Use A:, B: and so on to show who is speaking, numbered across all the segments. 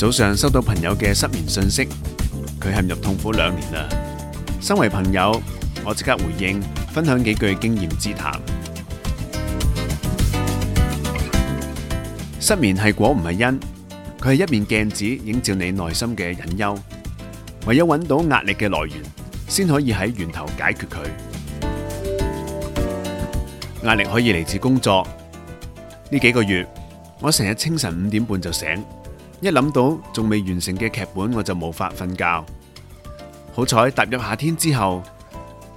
A: 早上收到朋友嘅失眠信息，佢陷入痛苦兩年啦。身為朋友，我即刻回應，分享幾句經驗之談。失眠係果唔係因？佢係一面鏡子，映照你內心嘅隱憂。唯有搵到壓力嘅來源，先可以喺源頭解決佢。壓力可以嚟自工作。呢幾個月，我成日清晨五點半就醒。一諗到仲未完成嘅劇本，我就無法瞓覺。好彩踏入夏天之後，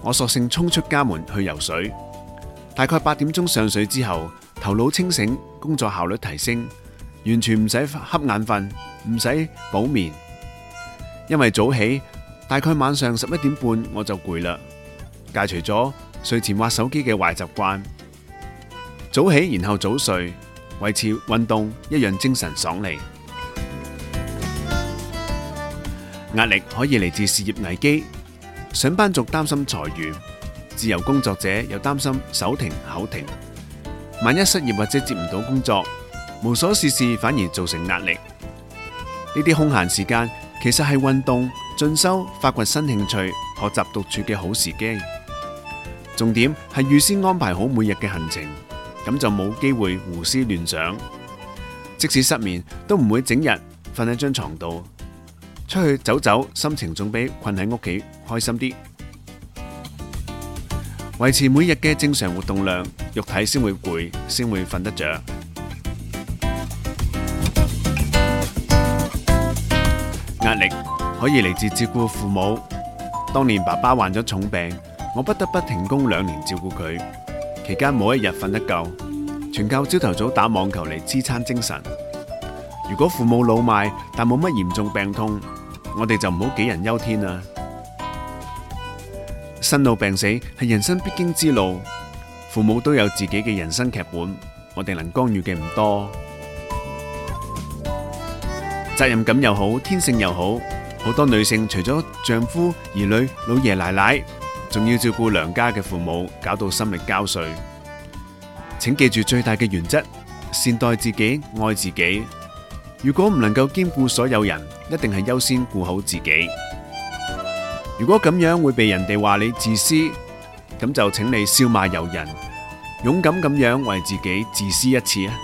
A: 我索性衝出家門去游水。大概八點鐘上水之後，頭腦清醒，工作效率提升，完全唔使瞌眼瞓，唔使補眠。因為早起，大概晚上十一點半我就攰啦。戒除咗睡前玩手機嘅壞習慣，早起然後早睡，維持運動，一樣精神爽利。壓力可以嚟自事業危機，上班族擔心裁員，自由工作者又擔心手停口停，萬一失業或者接唔到工作，無所事事反而造成壓力。呢啲空閒時間其實係運動、進修、發掘新興趣、學習獨處嘅好時機。重點係預先安排好每日嘅行程，咁就冇機會胡思亂想，即使失眠都唔會整日瞓喺張床度。出去走走，心情總比困喺屋企開心啲。維持每日嘅正常活動量，肉體先會攰，先會瞓得着。壓力可以嚟自照顧父母。當年爸爸患咗重病，我不得不停工兩年照顧佢，期間冇一日瞓得夠，全靠朝頭早打網球嚟支撐精神。如果父母老邁但冇乜嚴重病痛，我哋就唔好杞人憂天啦。生老病死係人生必經之路，父母都有自己嘅人生劇本，我哋能干預嘅唔多。責任感又好，天性又好，好多女性除咗丈夫、兒女、老爺奶奶，仲要照顧娘家嘅父母，搞到心力交瘁。請記住最大嘅原則：善待自己，愛自己。如果唔能夠兼顧所有人，一定係優先顧好自己。如果咁樣會被人哋話你自私，咁就請你笑罵由人，勇敢咁樣為自己自私一次啊！